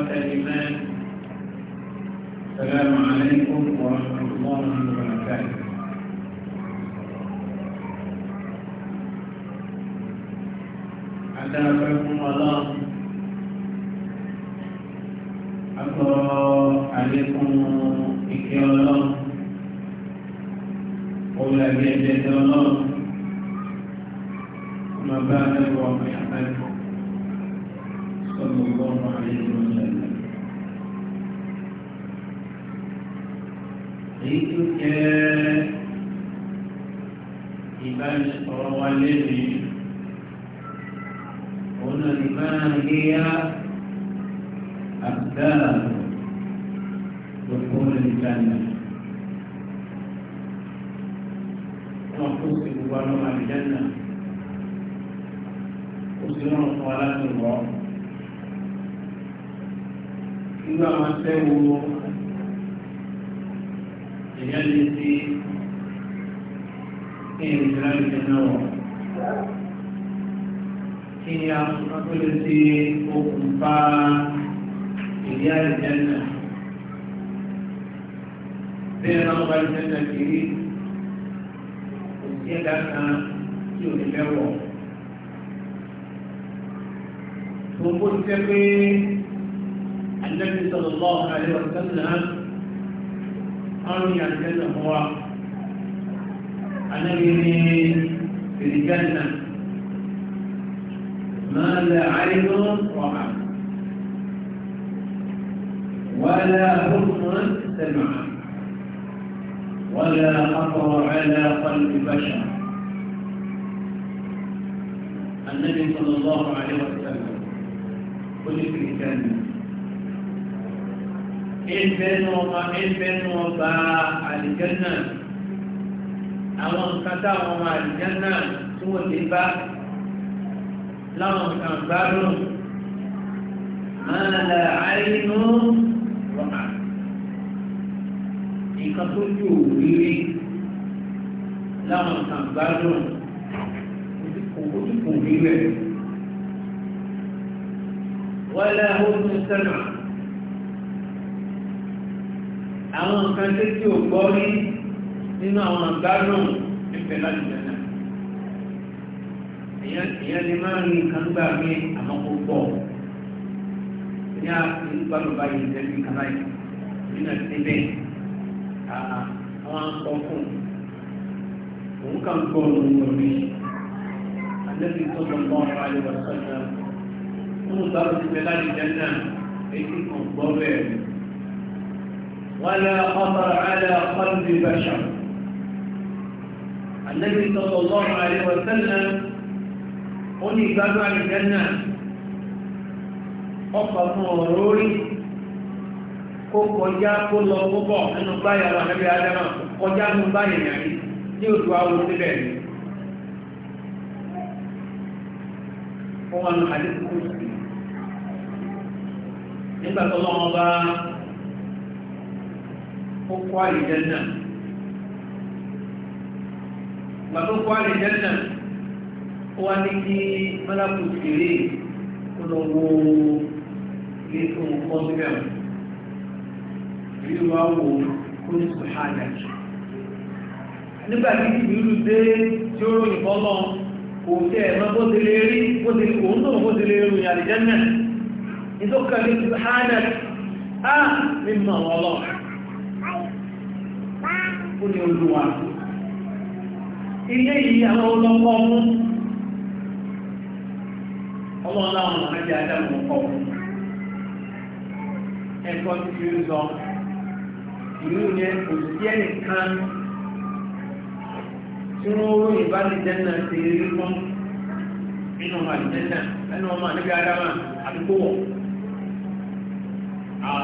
إخوة السلام عليكم ورحمة الله وبركاته أتابعكم الله أقرأ عليكم إكيا الله قول أبي الله وما بعد ومحمد live ما لا عين رأت ولا هم سمع ولا خطر على قلب بشر النبي صلى الله عليه وسلم قل في الجنة إذن وما إذن وما الجنة أو انقطع وما الجنة سوى الإباء láwọn kan gbádùn máa la àìnú rọ̀mà nǹkan tó ju òwúrí láwọn kan gbádùn ojú kò rí rẹ̀ wọ́lá oṣù sẹ́nà àwọn nǹkan tó ti ò gbọ́ rí nínú àwọn àgbádùn ìfẹ́ láti jẹ́ èèyàn lè máa rí nǹkan gbà mí àmọ́ kó pọ̀ ní àgbàlù báyìí ìtẹ́bí kan báyìí nínú ìtẹ́bẹ̀ àwọn akọ fún òun kà ń gbọ́ òun lórí àlẹ́bí tó lọ bọ́ ọ̀rọ̀ àyẹ̀wò sọ́jà fún ìbáwọ̀ ti bẹ láti jẹ́ náà èyí kan gbọ́ bẹ́ẹ̀ wọ́n lé àlẹ́ ọ̀pọ̀ níbi bẹ́ṣà tó lọ bọ́ ọ̀rọ̀ àyẹ̀wò sọ́jà ó ní ìgbádùn àlùjẹ́ náà ọkọ̀ fún ọ̀rọ̀ orí kó kọjá kó lọ púpọ̀ nínú báyà lọ níbi adama kọjá nínú báyà yàrá ní òtù àwọn oníbẹ̀ ní lọ́wọ́ bá wá ní kí mọ́lápù kéré olówó ilé tó ń kọ́ síbẹ̀ ìlú wa wò ó ní sùhánà nígbà tí ìlú dé tí ó ròyìn bọ́ lọ kò tẹ́ ẹ̀mọ́ bó ti lè rí bó ti kò ń tó bó ti lè rú ìyàlìjẹ́ náà ìtọ́ka ní sùhánà á mímọ̀ ọlọ́run ó ní olúwa ilé yìí àwọn olọ́kọ́ ọlọ́run láwọn ọ̀nà mẹ́jẹ adáàmú kọ́ ẹ̀kọ́ tí ó sọ ìlú yẹn kò sí ẹnìkan tí wọ́n rú ìbánidẹ́ náà ti rí fún nínú ọmọ àdìdẹ́ náà ọmọ àdìgbẹ́ adáàmú àdúgbò wọ̀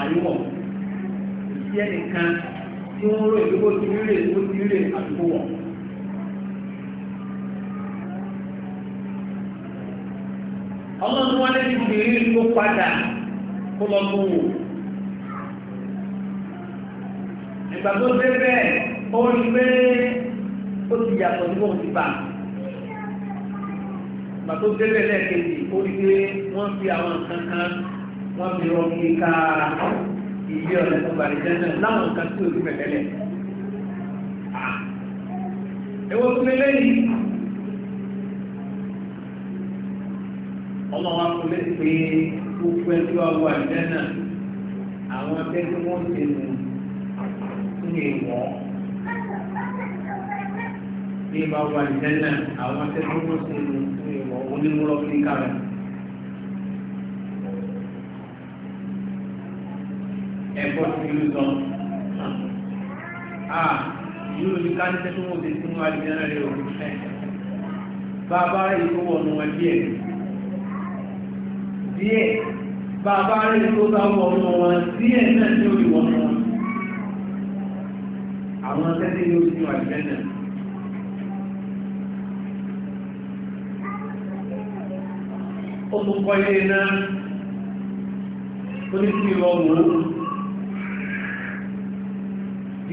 àyíwọ̀ kò sí ẹnìkan tí wọ́n rú ìdúgbò tí rí rè ìdúgbò tí rí rè àdúgbò wọ̀. ọlọ́run wọn lẹ́yìn ìrírí kó padà kó lọ tó wò ìgbà tó dé bẹ́ẹ̀ ó rí pé ó ti yàtọ̀ níwọ̀n ti bà ìgbà tó dé bẹ́ẹ̀ lẹ́ẹ̀kejì ó rí pé wọ́n fi àwọn nǹkan kan wọ́n fi rọ kí ká ìlé ọ̀rẹ́ tó bàrẹ̀ jẹ́ láwọn nǹkan tí ò rí pẹ̀lẹ́lẹ̀. èwo tún lé lẹ́yìn. ọlọ́wọ́ akọlẹ́ pé gbogbo ẹjọ́ àwọn àjẹ́ náà àwọn ẹgbẹ́ tí wọ́n ti mú ń lè wọ́ bí ẹ bá wà àjẹ́ náà àwọn ẹgbẹ́ tí wọ́n ti mú ń lè wọ́ onímúlọ́ fi kárẹ̀. ẹ̀kọ́ ti ń sọ yóò ní káńtẹ́ tí wọ́n ti mú àjẹ́ náà rẹ̀ òkú bàbá ìfowópamọ́ ẹbí ẹ̀ díẹ̀ bàbá rẹ̀ tó bá wọnú wọn díẹ̀ náà ní orí wọnú wọn àwọn tẹ́lẹ̀ ní oṣù àjẹ́ náà ó tún kọ́ ilé náà ó ní kí lọ wò ó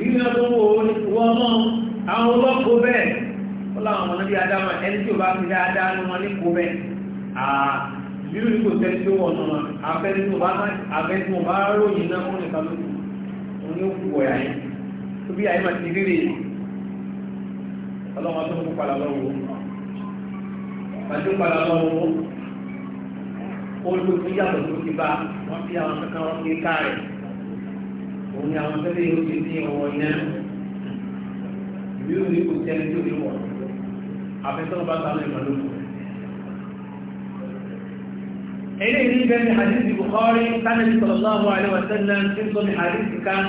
ìlú náà tó wò ó ní wọ́n mọ́ àwọn ọlọ́kọ̀ọ́ bẹ́ẹ̀ ó láwọn adáwọn ẹni tí ò bá fi dáadáa ní wọn ní kó bẹ́ẹ̀ àà irú ní kò tẹ́lẹ̀ tó wọ̀n náà abẹ́nú bá ròyìn náà mú nìkan lókù òun yóò kú ọ̀yà yẹn tó bí àyè máa ti rírè ọlọ́run á tó kó padà lọ́wọ́ pàtó padà lọ́wọ́ olùkú yàtọ̀ tó ti bá wọ́n fi àwọn kankan wọ́n fi ká rẹ̀ òun ni àwọn tẹ́lẹ̀ yóò ti ní ọwọ́ yẹn irú ní kò tẹ́lẹ̀ tó ti wọ̀n abẹ́tọ́ bá sálẹ̀ ìmọ̀lókù. إلى إليه نيجا حديث البخاري كان النبي صلى الله عليه وسلم في صنع حديث كان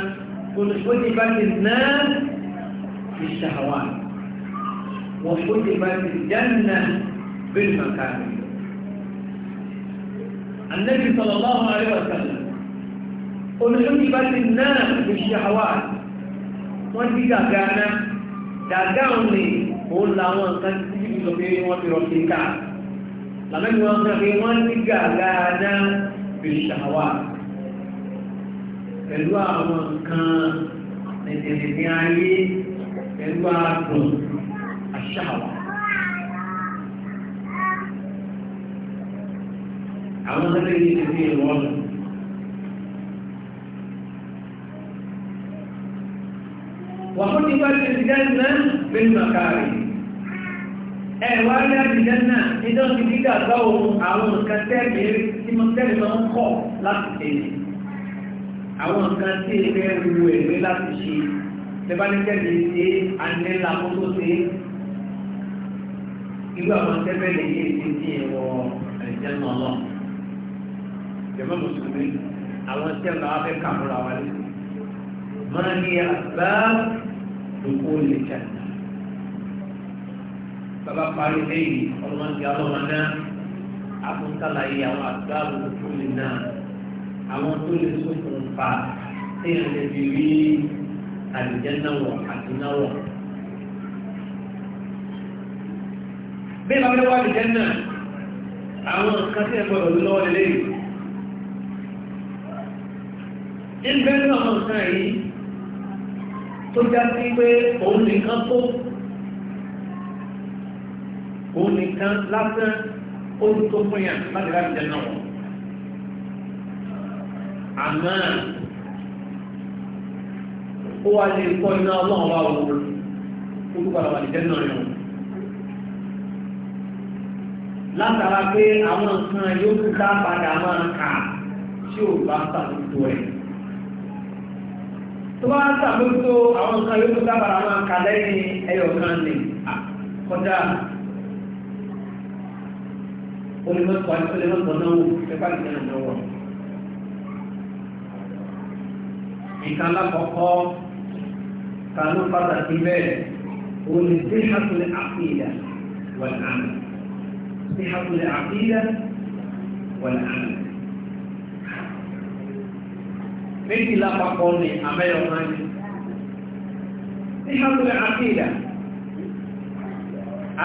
كل شوية بات الناس في الشهوات وشوية بات الجنة بالمكان النبي صلى الله عليه وسلم كل شوية بات الناس في الشهوات وانت إذا كان دعوني قول لهم أن تجيب لبيني إيه؟ وفي رسلكات làmẹ́ni wọn sọ pé wọ́n ti gàgà náà fi ṣàwà pẹ̀lú àwọn nǹkan ẹ̀dẹ̀dẹ̀ ayé pẹ̀lú àdùn àṣàwà. àwọn sọ́dọ̀ yìí ti fi ìwọ́n lọ. وخطبت الجنة بالمكاره ẹ̀wà ní àdìjẹ́ náà níjọ́ ti dígbà gbá ohun àwọn nǹkan tẹ́ẹ̀mì tí mo tẹ́lẹ̀ lọ ń kọ̀ láti tẹ̀lé àwọn nǹkan tí ẹgbẹ́ ru ẹ̀gbẹ́ láti ṣe tẹ́bánikẹ́lì ṣe anẹ́là kótó ṣe irú àwọn tẹ́bẹ̀lẹ̀ yìí ti di ẹ̀wọ̀ àdìjẹ́ náà lọ. jẹ́mọ́ mùsùlùmí àwọn tẹ́ẹ̀mì àwọn fẹ́ kàmúra wa máa ní àgbá òkú olè ṣáà bàbá parí lẹ́yìn ọlọ́mọ ti alọ́mọ náà àfúntàlàyé àwọn àgbáàbò tó lè náà àwọn tó lè ṣokùnfà téèyàn lè fi rí àlùjẹ́ náà wọ̀ àti náà wọ̀. bí bàbá wà lùjẹ́ náà àwọn kan tí ẹ gbọ́dọ̀ lọ́wọ́ lẹ́yìn. ìgbẹ́ náà wọn kàn yìí tó já sí pé òun nìkan tó òun nìkan lásán ó ti fún yàn láti láti jẹ náà àmọ́ ó wá lè kọ́ iná ọlọ́run wá wo olúkọ̀ọ́lá wà lè jẹ́ náà yàn látara pé àwọn nǹkan yóò tún dá padà máa kà tí ò bá sàbójútó ẹ̀ tó bá sàbójútó àwọn nǹkan yóò tún dá padà máa kà lẹ́yìn olùmọ̀tò àti olùmọ̀tò náwó pépà ìjẹun náwó. nǹkan alákọ̀ọ́kọ́ kanú pàtàkì bẹ́ẹ̀ òní sí hàtúlẹ̀ àkídà wọ̀n àmì sí hàtúlẹ̀ àkídà wọ̀n àmì. méjì lápapọ̀ ní abẹ́yọ̀mọ́ ni sí hàtúlẹ̀ àkídà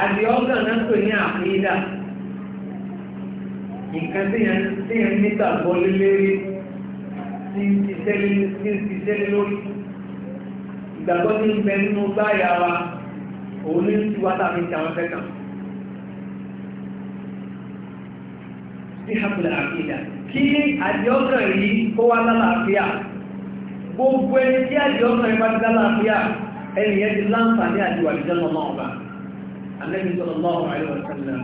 àdìọ́gàn náà pè ní àkídà nǹkan tí yẹn níta bọ́ lélẹ́rí tí ń ṣiṣẹ́ lórí ìgbàgbọ́ tí ń bẹ nínú báyà wa òun ní ti wá tàbí ti àwọn fẹ́kàn sí hapùlà àkídà kí àjọ́kàn yìí kó wá lálàáfíà gbogbo ẹni tí àjọ́kàn yìí bá lálàáfíà ẹni yẹn ti láǹfààní àjùwà ìjọ́nà ọmọ ọba alẹ́bí sọ́lọ́mọ́ ọ̀rọ̀ àìwọ̀ sẹ́lẹ̀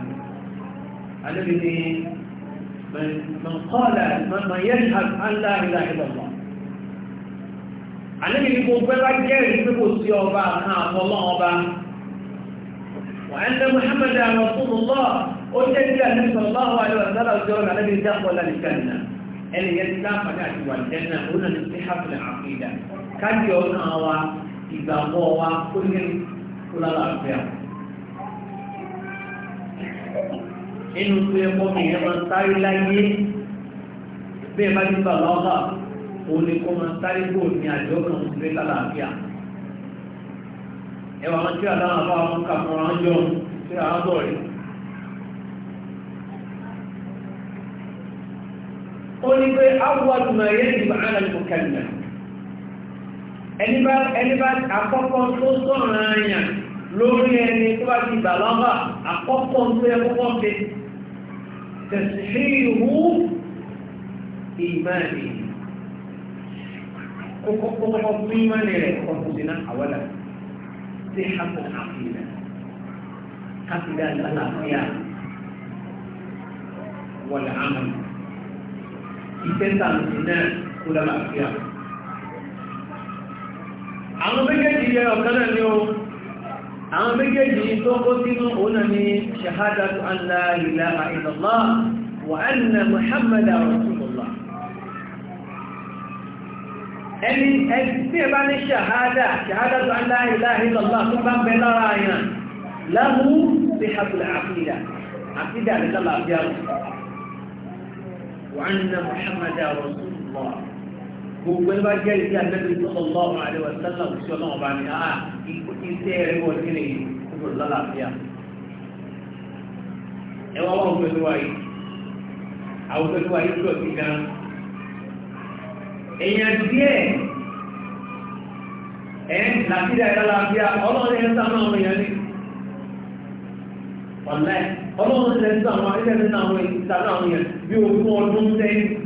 alẹ́bí من من قال من من يشهد أن لا إله إلا الله عليه المبرر جاهز بقول يا أبا نعم والله أبا وأن محمدا رسول الله قلت إلى النبي صلى الله عليه وسلم الجرم الذي يدخل ولا للجنة اللي يدخل فلا تقول الجنة هنا نصيحة العقيدة كان يوم أوا إذا هو كل كل الأرض nínú tó yẹ kọ́ nìyẹn máa ń sáré láyé bẹ́ẹ̀ bá ti gbà lọ́wọ́ òun ni kó máa sáré bò ní àjọ kan sílé lálàáfíà ẹwà wọn tí àdáwọn àbá wọn kà fún wọn jọ sí àádọ́ rẹ̀. ó ní pé awọ́dù máa yẹ ìgbà ara ní kọkànlá ẹni bá àkọ́kọ́ tó sọ̀rọ̀ àyàn lórí ẹni tó bá ti gbà lọ́wọ́ àkọ́kọ́ tó yẹ kọ́kọ́ fi تسحيره إيمانه وقفت إيمانه وقفتنا أولا صحة العقيدة عقيدة الأخياء والعمل ìtẹ́ta ìnáà kó lábàá fi àwọn. بجد يا yẹ اليوم àwọn méjèèjì tó kó sínú òun ni ṣahádàtù an la ilaha illallah wa anna muhammadan rasulullah ẹni tí ẹ bá ní ṣahádà ṣahádàtù an la ilaha illallah tó bá ń bẹ lára àyàn láhú sí hàbùlà àfíìdà àfíìdà àti lálàáfíà wa anna muhammadan rasulullah gbogbo ẹgbẹ́ jẹ́ ìdí àgbẹ̀bí sọ́kọ̀lọ́ àríwá sẹ́lá òṣìṣẹ́ ọlọ́run bá ní àá iṣẹ́ rẹ̀ wọ́n kí ni kúrò lálàáfíà. ẹ wá wọn pẹ̀lú wa yìí àwọn pẹ̀lú wa yìí dọ̀tí gan. èèyàn díẹ̀ ẹ̀ làkìdá ẹ̀ lálàáfíà ọlọ́run ẹ̀ ń sáwọn ọmọ èèyàn ní. ọ̀lẹ́ ọlọ́run ẹ̀ ń sáwọn ọmọ èèyàn bí ogún ọdún sẹ́yìn.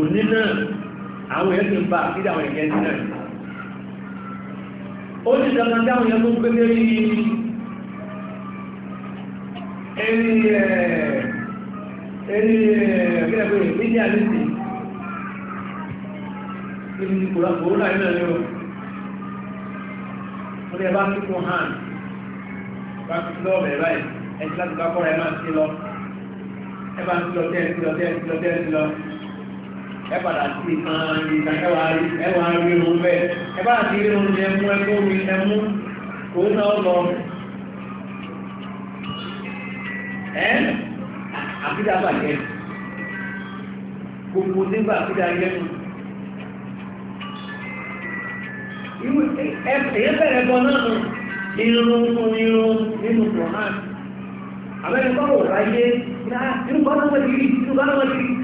òní náà àwọn èèyàn ti ń bá àkídà àwọn èèyàn ti náà ó ní ìjọba dáhùn yẹn tó ń gbélé rí ẹni ẹni ẹgbẹ́ ìpínlẹ̀ àlẹ́sì ibi kòrónà iná ni ó ó ní ẹbá kíkún hàn bá lọ́ọ̀ bẹ̀rẹ̀ báyìí ẹ̀sìn láti bá kọ́ra ẹ̀ máa ń sí lọ ẹ̀ máa ń sí lọ tẹ́ ẹ̀ sí lọ tẹ́ ẹ̀ sí lọ tẹ́ ẹ̀ sí lọ ẹ padà sí ìkan ìkan ẹwà rírun bẹ́ẹ̀ ẹ bá àti rírun ní ẹmú ẹkọ́ mi ẹmú kò náà lọ ẹ àfídà bàjẹ́ gbogbo nígbà àfídà yẹnu èyí bẹ̀rẹ̀ bọ náà nù irun fún irun nínú kùrán àbẹ́rẹ́ bọ́ọ̀ ráyé irú bọ́ọ̀ náà wọ́n ti rí irú wọ́n ti rí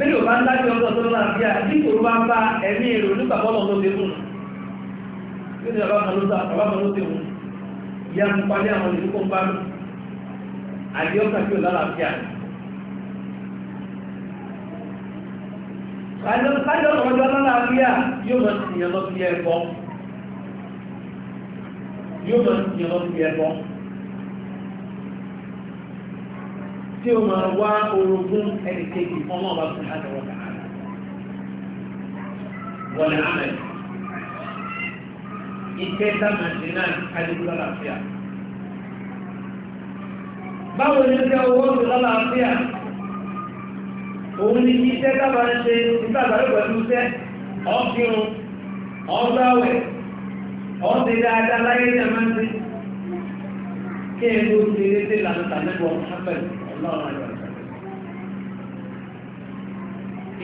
bẹ́ẹ̀ ò bá ń dájú ọjọ́ tó lọ́la bí i àdíkò ló bá ń bá ẹ̀mí èrò nígbà bọ́lọ̀ tó dé fún yóò ní ọlọ́kan ló tàbí ó dé fún ìyá ń palé àwọn ìlú tí ó máa wá orogún ẹni kejì ọmọ ọba fún àtọwọ́ kàkàrà wọlé amẹ ìfẹ́ sáàmàtì náà kálíkúlá làáfíà báwo ni ó jẹ́ owó òṣèlú làáfíà òun ni kí iṣẹ́ sábà ń ṣe ìgbàgbọ́ pẹ̀lú iṣẹ́ ọ̀fíun ọ̀gbáwẹ̀ ọ̀sẹ̀ dáadáa láyé ní àmáǹtì kí ẹ̀ ló ṣe eré sí ìlànà tàbí ọ̀hún sallallahu alaihi wasallam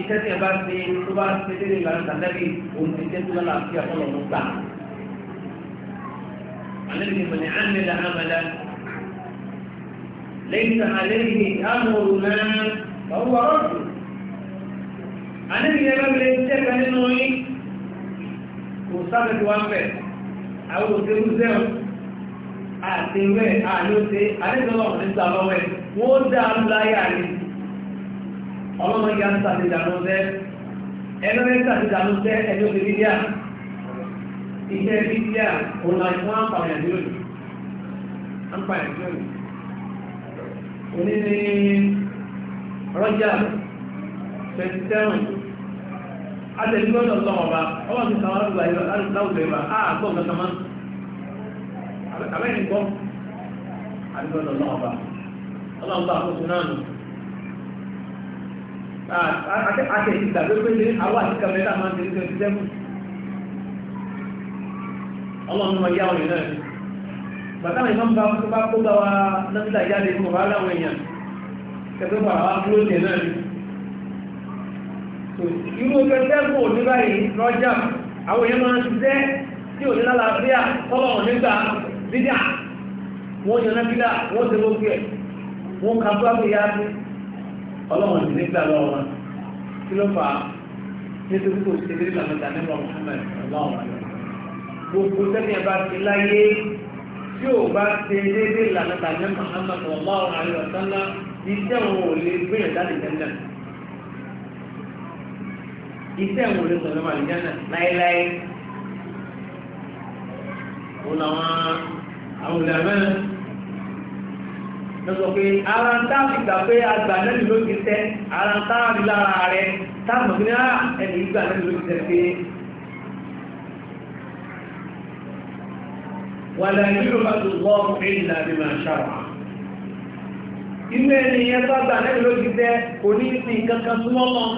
iṣẹ́ tí ẹ bá ṣe tó bá ṣe déédéé ìlànà tàbí òun ti jẹ́ tó lọ́la àti àtọ́lọ̀ ló gbà. Àlejò ìmọ̀ ni Amẹ́lá Amẹ́lá lẹ́yìn tàn àlejò ìhámòrò náà lọ́wọ́ ọ̀dùn. Àlejò ìyẹn bá bẹ̀rẹ̀ iṣẹ́ kan nínú yín kò sáré tó wá bẹ̀. Àwọn òṣèlú zẹ́wọ̀n àti ìwé àlóṣe àlejò ọ̀rọ̀ nígbà lọ́wọ́ ẹ̀ wọ́n dáa láyà ní ọlọ́mọ ìyá ń tàbí ìdànù tẹ́ ẹgbẹ́ ń tàbí ìdànù tẹ́ ẹgbẹ́ òfin bíbíà iṣẹ́ bíbíà òun àti wọ́n àpàyàn ní òní àpàyàn ní òní òní ní rọ́jà twenty seven àtẹ̀síwọ́n lọ́wọ́ ọba ọba ti sàwọn àdúgbò àyè láwùjọ ìbá àgbọ̀n kankan máa àbẹ́yìn gbọ́ àdúgbò lọ́wọ́ ọba ọlọ́run bá àkóso náà nù àtẹ̀sí ìgbàgbé pé ní àwọn àti kàmẹ́rà máa ń tẹ̀lé tẹ̀lé tẹ́kù ọlọ́run máa yá ọ̀rẹ́ náà bàtàwọn ìmọ̀ bá tó bá kó bá wa lọ́sílà ìyáde fún ọ̀rá láwọn èèyàn kẹfẹ́ bàrà wá kúrò tẹ̀ náà ni irú ọjọ́ tẹ́kù ní báyìí lọ́jà àwọn èèyàn máa ń ṣiṣẹ́ tí ò ní lálàáfíà tọ́lọ̀ nígbà dídà wọ́n yan náà wọn kan tó àgbè yá sí ọlọ́wọ́n ti nígbà lọ́wọ́ wọn kí ló fà á nítorí kò sí ìdílé làmọ́ta nínú Muhammad ọlọ́wọ́n gbogbo sẹ́ni ẹ̀ bá ti láyé tí o bá ṣe déédé ìlànà tàbí Muhammad sallallahu alaihi wasallam iṣẹ́ wọn ò lè gbéyàn jáde jẹ́nà iṣẹ́ wọn ò lè sọ̀rọ̀ máa jẹ́nà láéláé òun làwọn àwọn olùdámẹ́rin lọ́sọ̀ pé ara ń tá fi gbà pé agbà nẹ́bì ló ti tẹ́ ara ń tá rí lára rẹ táàmù ní á ah, ẹni ìgbà nẹ́bì ló ti tẹ́ pé wà láì nílò bá tó gbọ́ ẹ̀yìn inú ẹni yẹn tó agbà ló ti tẹ́ kò ní sí nǹkan súnmọ́ mọ́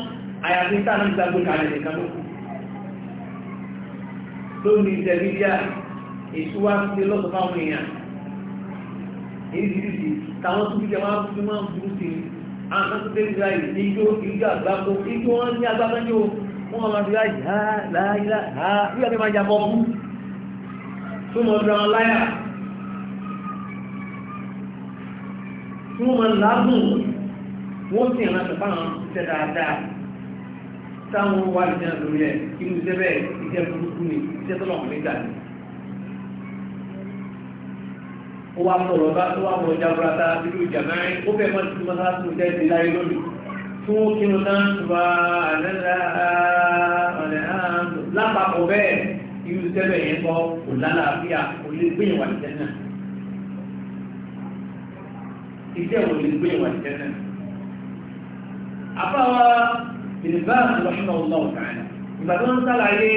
àyàfi táàmù ìgbàgbé kalẹ̀ nìkan ló kù lónìí tẹ̀lé bíà èso wá sí lọ́sọ̀ fáwọn èèyàn èyíṣiríṣi táwọn tó fíjẹ wọn fi máa ń burú sí àwọn tó tẹ́lẹ̀ ìráyè ní ijó ijó àgbákò ijó wọn ní agbákan yóò wọ́n máa fi láyé ha láyé ha bí wọ́n fi máa jàbọ̀ kú tó mọ̀ ọ̀dọ̀ àwọn láyà tí wọ́n máa lágùn wọ́n sì rán àtàpá àwọn iṣẹ́ dáadáa táwọn wà lórí ẹ̀ kí ní iṣẹ́ bẹ́ẹ̀ iṣẹ́ burúkú ni iṣẹ́ tọ́lọ̀ nígbà ni ó wá mọ̀ lọ́ba tó wá mọ̀ ọjà burata nínú ìjà mẹ́rin ó fẹ́ mọ́ títí mọ́tà tó jẹ́ ti láyé lónìí tó ń kí wọn náà tó bá àlẹ́lá ọ̀lẹ́ lápapọ̀ bẹ́ẹ̀ irú tẹ́lẹ̀ yẹn kọ́ kò lálàáfíà kò lè gbé ìwà ìjẹ́ náà iṣẹ́ wo lè gbé ìwà ìjẹ́ náà. àbáwá ìlú bá àtúnwáṣọ́ ọlọ́ọ̀tàn ìgbà tó ń sálàyé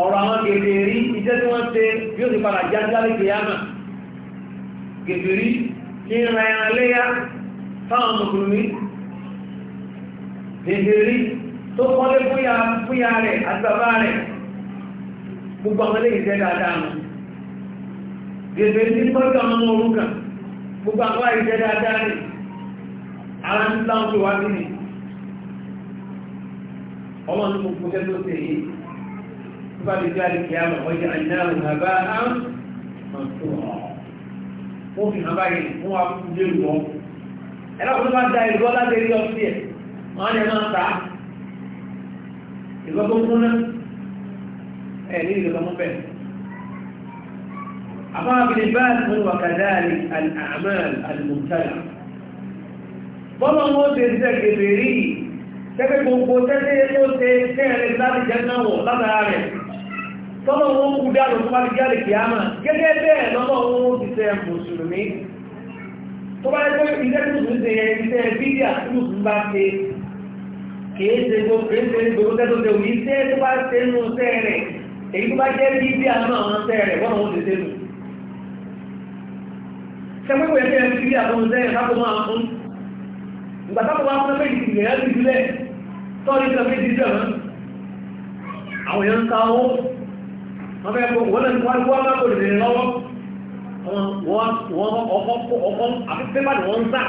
ọ̀rọ̀ àwọn gẹ̀gẹ̀rí iṣẹ́ tí wọ́n ṣe bí ó ti padà já sáré kìyàmà gẹ̀gẹ̀rí ní ra ẹran léyà fáwọn mùsùlùmí gẹ̀gẹ̀rí tó kọ́lé fúyà rẹ̀ àti bàbá rẹ̀ gbogbo àwọn eléyìí jẹ́ dáadáa nù gẹ̀gẹ̀rí ní pọ́jọ́ àwọn ọmọ orúkà gbogbo àwọn eléyìí jẹ́ dáadáa nì ara ń láwọn tó wá sí ni ọmọ ní gbogbo tẹ́ tó ṣe yìí فبذلك القيامة وجعلناه هباء منثورا ó fi hàn báyìí fún akúndé ìwọ ẹlọ́pùn bá da ìlú ọlájẹ ilé ọtí ẹ̀ wọ́n lè máa ta ìlú tó kúnná ẹ̀ ní ìlú tó mú bẹ́ẹ̀. àmọ́ abìlẹ̀ báyìí fún wàkàdáàlì àmàl àlùmọ̀tàlà bọ́lá wọn ṣe ṣe gèbèrè yìí tẹ́fẹ́ gbogbo tẹ́tẹ́ tó ṣe tẹ́ẹ̀rẹ́ láti jẹ́ náà wọ̀ látara rẹ̀ tọ́lọ̀ wọn kú dánù tó bá ti jáde kìámà gẹ́gẹ́ bẹ́ẹ̀ lọ́nà wọn ó ti tẹ mùsùlùmí tó bá yẹ pé iṣẹ́ mùsùlùmí ṣe yẹ iṣẹ́ bídíà tí mùsùlùmí bá ṣe kìí ṣe gbogbo kìí ṣe gbogbo tẹ́tọ́ outro òní iṣẹ́ tó bá ṣe nù ṣẹ́ rẹ̀ èyí tó bá jẹ́ bídíà náà wọn ṣẹ́ rẹ̀ wọ́n wọn ti ṣe nù sẹ́gbẹ́gbẹ́ yẹn tẹ́lẹ̀ ti rí àwọn ọ̀sẹ̀ ìfàkó máa fún ìgbà tábọ̀ wá fún méjì ìgbè yẹn ti sílẹ̀ wọ́n fẹ́ wọ́n lè wọ́n wọ́n má kò lè lọ́wọ́ wọ́n wọ́n ọkọ̀ ọkọ̀ àfi pépà ni wọ́n ń sà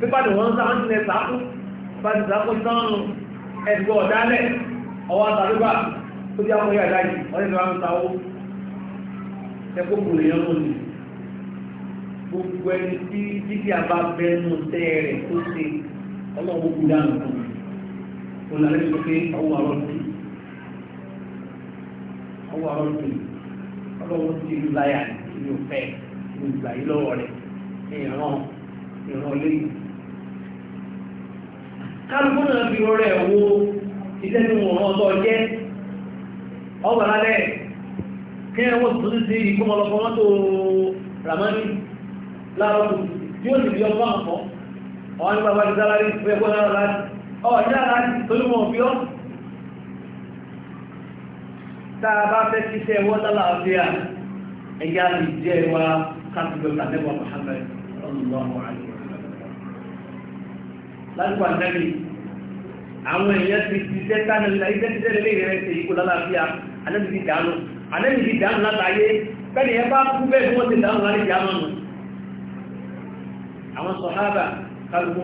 pépà ni wọ́n ń sà wọ́n ti lè sàkó bá ti sàkó sánú ẹ̀dùgbọ́ ọ̀dálẹ̀ ọwọ́ àtàlùbà tó bí akọ̀yà láyé wọ́n lè lọ́wọ́ àwọn sàwó ẹ̀kọ́ gbòòrò yẹn lónìí gbogbo ẹni tí títí àbá bẹnu tẹ́ rẹ̀ tó ṣe ọlọ́wọ́ gbòòrò dànù kò lálẹ́ sọ pé ọwọ́ àrọ́ sí ọwọ́ àwọn ọdún ọlọ́wọ́ ti ìlú láyà ní òfẹ́ ní ìgbà yìí lọ́wọ́ rẹ̀ ìran ìran lẹ́yìn. kálukú náà fi rọrẹ́ wo iṣẹ́ tí wọ́n ọ̀tọ̀ jẹ́ ọgbà lálẹ́ kí ẹ wọ́n tuntun sí ìkọ́mọlọpọ̀ wọn tó ramani láàárọ̀ tí ó sì fi ọgbọ́n àpọ̀ ọ̀hún ní bàbá ti sálárì fún ẹgbẹ́ náà láti ọ̀ tá a bá fẹ́ kíṣẹ́ wọ́n lálàáfíà ẹ̀yà lè jẹ́ wa kápẹ́lọ́tà lẹ́wọ̀n Muhammad sallallahu alaihi wa sallam. lásìkò àtẹ́lẹ̀ àwọn èèyàn ti ti tẹ́ tánilá iṣẹ́ ti tẹ́ lélẹ́ rẹ̀ ṣe ikú lálàáfíà anẹ́bí ti dànù anẹ́bí ti dànù látàyé bẹ́ẹ̀ni ẹ bá kú bẹ́ẹ̀ ni wọ́n ti dànù láti jà mọ́nu. àwọn sọ̀hábà ní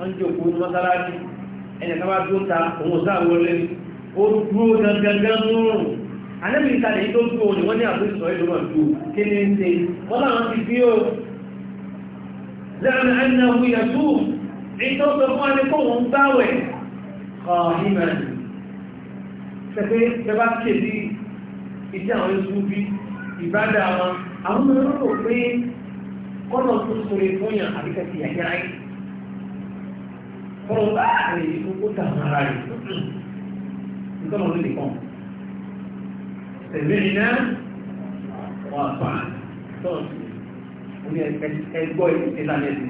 mọ́sálásí ẹnì kan bá dúró ta òun sáà wọlé ó dúró gangan lóòrùn anẹ́bì ìtàlẹ̀ yìí tó dúró ni wọ́n ní àbúrúsọ ìlú náà dúró kí ni ń ṣe wọ́n láwọn ti bí ó lẹ́rìn ẹ̀nà wíyà tó ní tó sọ fún ẹni kó wọ́n gbáwẹ̀ ọ̀hìnmẹ̀ tẹ́fẹ́ tẹ́fà kéde iṣẹ́ ara rẹ̀ ìtọ́lọ̀ ló lè tẹ̀lé iná wà fà tọ́ọ̀tù oní ẹgbọ́ ìtẹ́lẹ̀ẹ́sì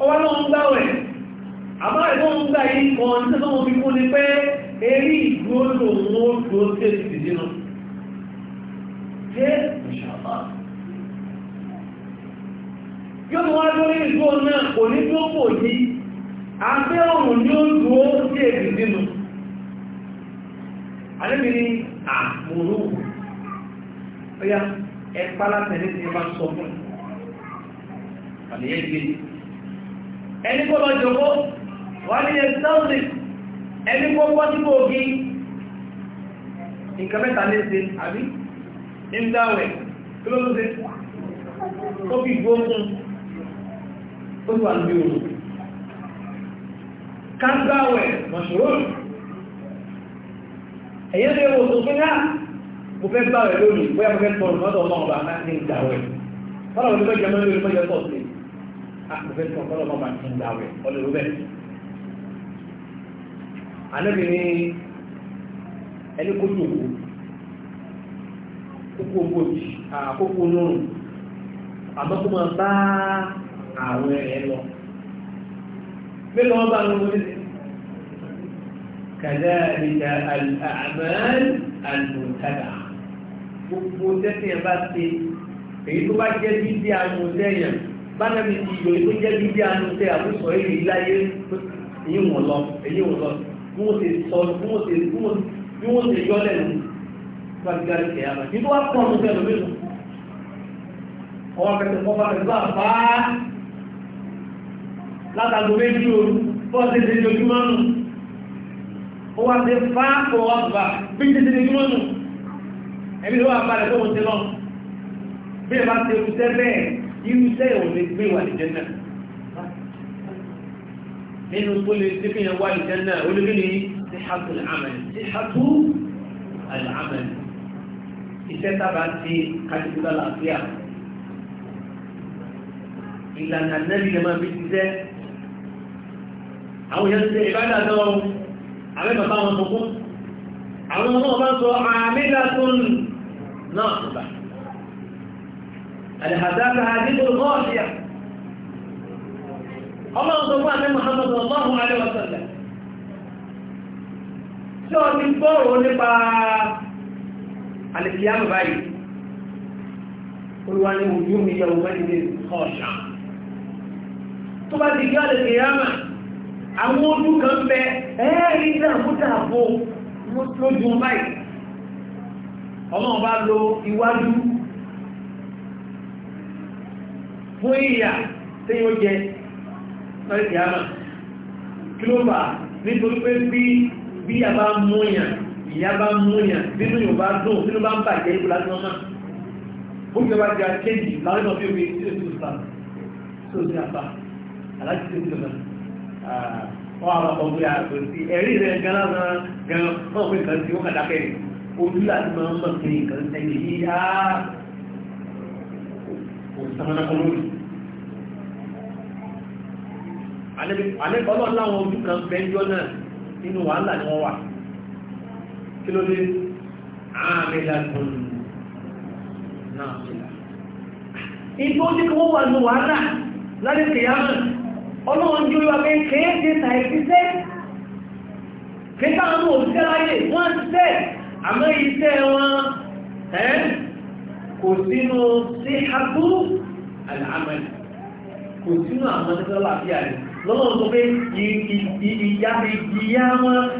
ọwọ́ náà ń gbáwẹ̀ àbá ẹ̀gbọ́n ń gbá yìí kan tí wọ́n fi kún ni pé eré ìgbó lòun ó dúró sí èsì dínú yóò wá lórí ìgbó náà kò ní tó pò yí abẹ́ ọ̀rùn ní ó dúó sí èdè nínú alẹ́bìnrin àmúrú ọya ẹ̀pá látẹ̀lẹ́ ti bá sọ fún àníyẹ́ gbé ẹni kọ́ lọ jọkọ́ wà ní ẹ̀sẹ́ọ̀sì ẹni kọ́ pọ́ sí kò gí nǹkan mẹ́ta ní ṣe àbí ní kí ló ń ṣe ó fi gbóhùn ó wà ní òun kágbáwẹ̀ mọ̀ṣúrùn ẹ̀yẹ́ lè wò tó fẹ́ náà ah, mo fẹ́ gbáwẹ̀ lónìí bóyá mo fẹ́ tọrọ lọ́dọ̀ ọmọ ọba náà ní ìgbàwẹ̀ fọ́nà òní mẹ́jọ mẹ́rin lórí mẹ́jọ tọ̀ sí ah, mo fẹ́ tọrọ lọ́dọ̀ ọmọ àti ìgbàwẹ̀ ọlọ́rú bẹ́ẹ̀ anábìrin ẹni kó jòkó kókó gbòdì àkókò lóòrùn àmọ́ bá àwọn ẹ̀ lọ. mélòó wọn bá lọ wọlé sí. كذلك الأعمال المتبعة gbogbo tẹ́sí ẹ̀ bá ṣe èyí tó bá jẹ́ bíbí àwọn sẹ́yìn bánàbí ti yọ èyí tó jẹ́ bíbí àwọn sẹ́yìn àbúsọ èyí láyé èyí wọ̀n lọ èyí wọ̀n lọ bí wọ́n ti sọ bí wọ́n ti yọ lẹ́nu gbàgbàrí kẹyàmà nínú àpọ̀ ọmọ ìfẹ́ lómi nù ọwọ́ akẹ́kẹ́ kọfà pẹ̀lú àbá látàgbò méjì òru bọ́ọ̀ tètè ní ojúmọ́ nù ó wá sí fá ọwọ́ àbá bí tètè ní ojúmọ́ nù ẹbí ló wà balẹ̀ tó ń ti lọ bí ẹ bá ti ṣe bẹ́ẹ̀ irú iṣẹ́ ò lè gbé wà ní jẹ́nà nínú tó lè ṣe fi hàn wà ní jẹ́nà olóbi ní hàtú àmàlì ṣe hàtú àmàlì iṣẹ́ sábà ń ṣe kàṣíkúlá làáfíà ìlànà nẹ́bí lè máa fi ṣiṣẹ́ àwọn èèyàn ṣe ìbádà náà àwẹ́ bàbá wọn tó kún àwọn ọmọ bá ń sọ àmìlà tó ń náà tó bá àdìhàdáka àdìgbò mọ́ọ̀ṣíà ọmọ ọ̀sọ̀ fún àmì Muhammadu ọlọ́run alìkìyàmù báyìí olúwa ní ojú mi yẹ òun mẹ́rin ní ọ̀ṣà tó bá ti gbá alìkìyàmù àwọn ojú kan bẹ ẹ́ẹ̀rí dàbúdàbò mú tí ó ju báyìí ọmọ bá lo iwájú fún ìyà tí ó jẹ alìkìyàmù kí ló bá nítorí pé bí bí mú yàn ìyá bá múyàn nínú yóò dùn nínú bá ń bàjẹ́ ìbò láti wọn náà ó jẹ́ akéjì láwọn tí ó ti sà tí ó ti aláti tí ó ti sà wọ́n àwọn ọmọ ìyá àgbẹ̀ sí ẹ̀rí rẹ̀ gánà gan náà pé nǹkan tí ó kàdá kẹ́rì ojú láti máa ń mọ̀ pé nǹkan ẹni yìí á kò sàmánà kan lórí alẹ́ láwọn ojú kan náà nínú wàhálà ni wọ́n wà kí ló dé àmìlàtún náà sílá ìgbó tí kí wọ́n wà ní wàhálà láti kìyàmù ọlọ́run jú wa pé kéèké tàí síṣẹ́ kéèké àwọn òṣìṣẹ́ láyé wọ́n ṣiṣẹ́ àmọ́ iṣẹ́ wọn ẹ́ kò sínú sí àbú àlàámẹ́lì kò sínú àwọn ọmọdé lọ́wọ́ àbíyà rẹ̀ lọ́wọ́ sọ pé ìyá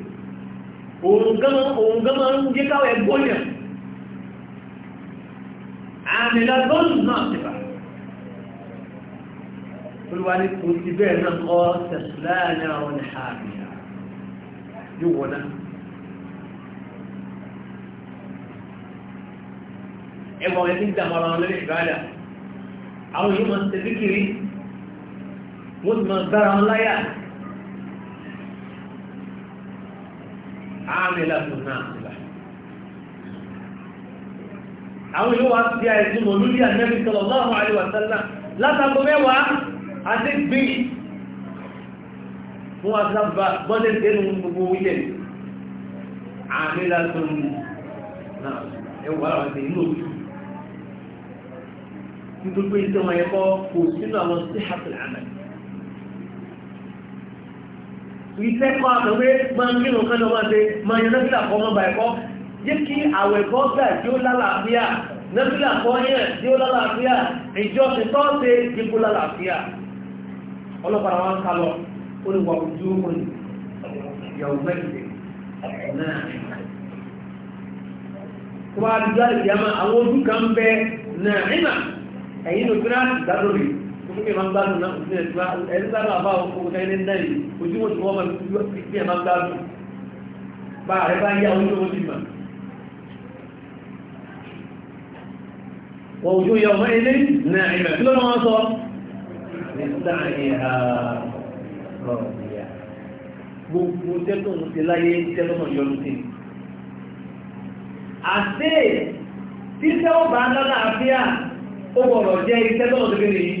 òun gan máa ń jẹ́ káwẹ̀ gbóyàn àmìlà gọ́ọ̀lù náà ti bà olúwa ní kò sí bẹ́ẹ̀ náà kọ́ tẹ̀síláàní àwọn ìhàmìyà yóò wọ́n náà ẹwọ̀n ẹni dàmọ́ra wọn lórí ìbáàdà àwọn yóò máa tẹ̀síkiri wọ́n ti máa gbára wọn láyà àmìlà tó náà sílá àwọn yóò wá sí àìsùn mọ̀lúlí àjẹ́bí sallallahu alaihi wa sallam látàkọ mẹ́wàá àti gbé fún àtàbà bọ́lẹ̀ tẹ́nu gbogbo wílẹ̀ àmìlà tó náà ẹwà àti inú òjú nítorí pé ẹ̀kọ́ kò sínú àwọn sí iṣẹ́ kọ́ àtọ̀wé máa ń kírun kán lọ́wọ́ ṣe máa yan nọ́bílà kọ́ mọ́ bá ẹ̀kọ́ jẹ́ kí àwẹ̀ kọ́ gbà tí ó lálàáfíà nọ́bílà kọ́ yẹn tí ó lálàáfíà ìjọsìn tó ṣe dípò lálàáfíà ọlọ́pàá wọn ká lọ ó lè wà ojú ó mọ̀ ìyàwó mẹ́tìlẹ̀ náà tó bá dúdú àlè àwọn ojú kan bẹ náà nígbà òṣùpẹ̀ máa ń gbádùn náà òṣùpẹ̀ ẹ̀sùpá ẹ̀rí sábà bá ọkọ̀ ẹni ń dáyìí ojú wọn tí wọ́n máa fi ìpínlẹ̀ máa ń gbádùn bá rẹ̀ bá yá ojú wọn ti mà wọ́n ojú ya ọmọ ilé náà ìmẹ̀ kí ló máa sọ gbogbo tẹ́tọ̀ ń ṣe láyé tẹ́tọ̀ náà yọ lókè àti títẹ́ ọba ńlá àfíà ó gbọ́dọ̀ jẹ́ iṣẹ́ tọ́lọ́ tó kéde yìí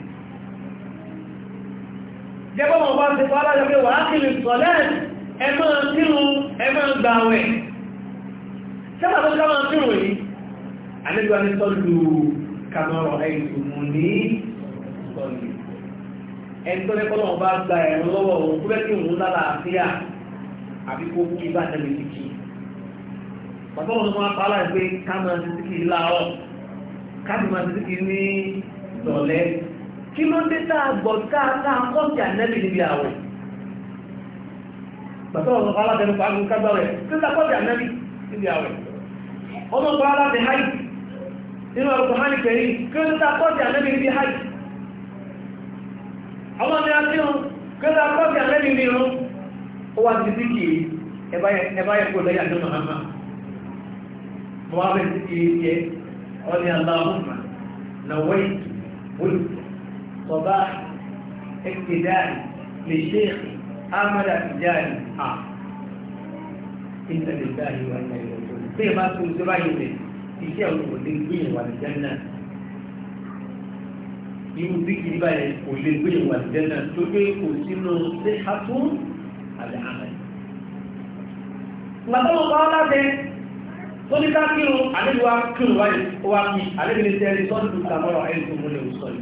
jẹ́bọ́ wọn bá ti fọ́lá jọ pé wà á kìlì sọ̀lẹ́ ẹmọ́ tírun ẹmọ́ gbàwẹ̀ sẹ́bà tó ká máa tírun yìí àlejò àlejò lu kàmọ́rọ̀ ẹ̀yìnkùnmù ní sọ̀lì ẹni tó lẹ́kọ́ lọ́wọ́ bá gba ẹ̀rọ lọ́wọ́ òun kúrẹ́ kí òun lára àfíà àbí kó kí bá tẹ̀lé títí bàbá wọn máa pa aláìpé ká máa ti síkì láàárọ̀ ká sì máa ti síkì ní ìrọ̀lẹ́ kí ló dé tá a gbọ̀ tá a ká kọ́ọ̀tì ànẹ́bì níbi àwẹ̀ bàtà ọ̀sán kan alátẹnu pa ágùn kágbá rẹ̀ kí ló dá kọ́ọ̀tì ànẹ́bì níbi àwẹ̀ ọmọ kan aláti háì nínú ọ̀rọ̀ hàn kẹrin kí ló dá kọ́ọ̀tì ànẹ́bì níbi háì àwọn ọmọ ẹni ọ̀hún kí ló dá kọ́ọ̀tì ànẹ́bì níbi ọ̀hún ó wá ti sí kìí ẹbá yẹ kó lẹ́yà ìtù صباح اقتداء للشيخ أحمد الجاري آه إن لله وإنا إليه راجعون في ما كنت باين في شيء ودين والجنة irú dígí báyìí kò lè gbé ìwà ìdẹ́nà tó gbé kò sínú sí àtún àbí àmì. Màtọ́mọ̀ bá láti tó ní ká kírun àdébíwá kírun wáyé wá kí àdébíwá tẹ́rí sọ́ọ̀dù kàmọ́rọ̀ ẹ̀yìn tó múlẹ̀ òsọ̀lù.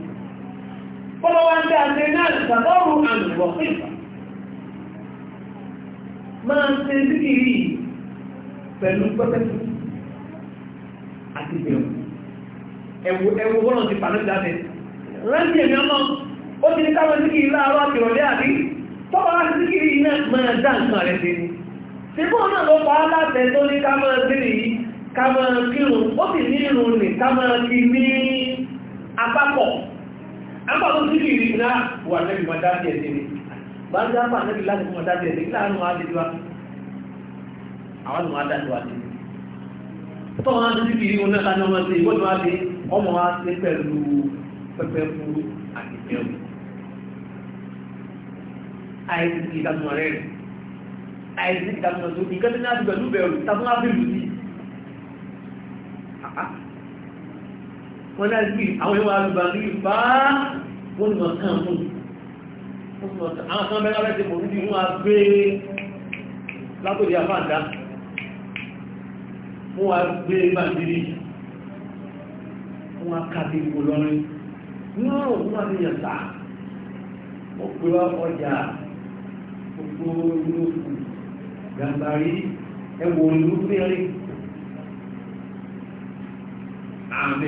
bọ́lọ́ wá ń dá ṣe náà ṣàtọ́rù àmìwọ̀ pípa máa ń ṣe síkìrì pẹ̀lú pẹ́pẹ́tù àti bẹ̀rù ẹ̀wù ẹ̀wù bọ́lọ̀ ti pàdé jáde rántí ẹ̀mí ọmọ ó ti ní káwọn síkìrì láàárọ̀ àti ìrọ̀lẹ́ àbí tọ́wọ́ láti síkìrì náà máa dá nǹkan rẹ̀ ṣe ni ṣùgbọ́n náà ló pa á látẹ̀ tó ní ká máa sí nìyí ká máa kírun ó sì ní irun nì ká máa kí ní apapọ̀ apa tu su sirri nak buat nabi ma dace ya ne ba za ba nabi lafi kuma dace ya ne ila hannu ma dace ba a wani ma dace wa ne to wọn ti sirri wọn náà lánàá wọn ṣe ìwọ́n wa ada. ọmọ wa kita pẹ̀lú pẹpẹ fúru àti pẹ̀lú àìsí ìdánù rẹ̀ àìsí ìdánù rẹ̀ tó nǹkan tí wọ́n náà rí àwọn ìwà alùbàrí bá wọ́n mọ̀ kàn fún àwọn kan bẹ́rẹ̀ láti mọ̀ níbi wọ́n a gbé látòdí àfáàdá wọ́n a gbé bàndìrí wọ́n a kàbí ìgbò lọ́rin náà wọ́n a níyàn sá ó pè wá ọjà gbogbo olóòkù gàmbàrí ẹwọ olóòkù mẹ́rin àmì